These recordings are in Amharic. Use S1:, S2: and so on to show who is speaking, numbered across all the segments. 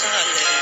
S1: I'm sorry.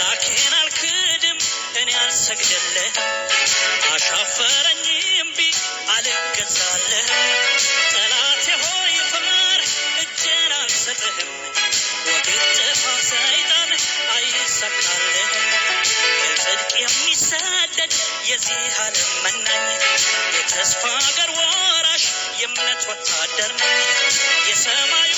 S2: አምላኬን እኔ አልሰግደለህ አሻፈረኝ እምቢ አልገዛለህ ጠላቴ ሆይ ፍመር እጄን ሰይጣን አይሳካልህ በጽድቅ የሚሰደድ የዚህ ዓለም መናኝ የተስፋ አገር ወራሽ የእምነት ወታደር ነኝ የሰማዩ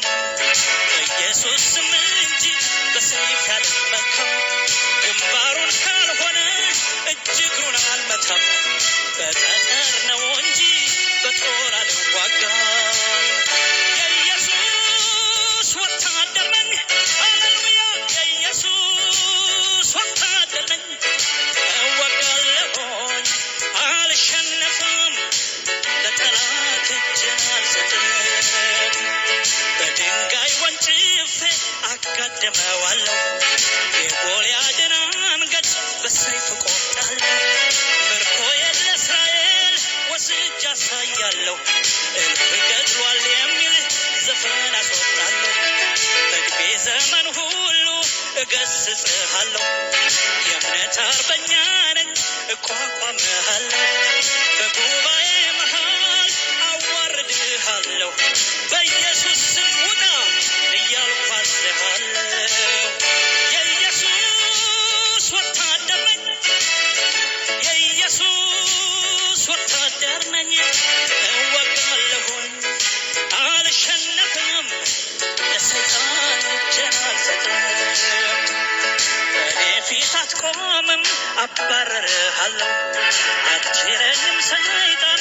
S2: ሲሆን በኢየሱስ ስም እንጂ በሰይፍ አልመታም። ግንባሩን ካልሆነ እጅግሩን አልመታም። አሳያለሁ። እልፍ ገድሏል የሚል ዘፈን አስወጣለሁ። በእድሜ ዘመን ሁሉ እገስጽሃለሁ። የእምነት አርበኛ ነኝ እቋቋምሃለሁ። በጉባኤ መሃል አዋርድሃለሁ። በኢየሱስ ስም ውጣ እያልኳስሃል አለው አትችለኝም ሰይጣን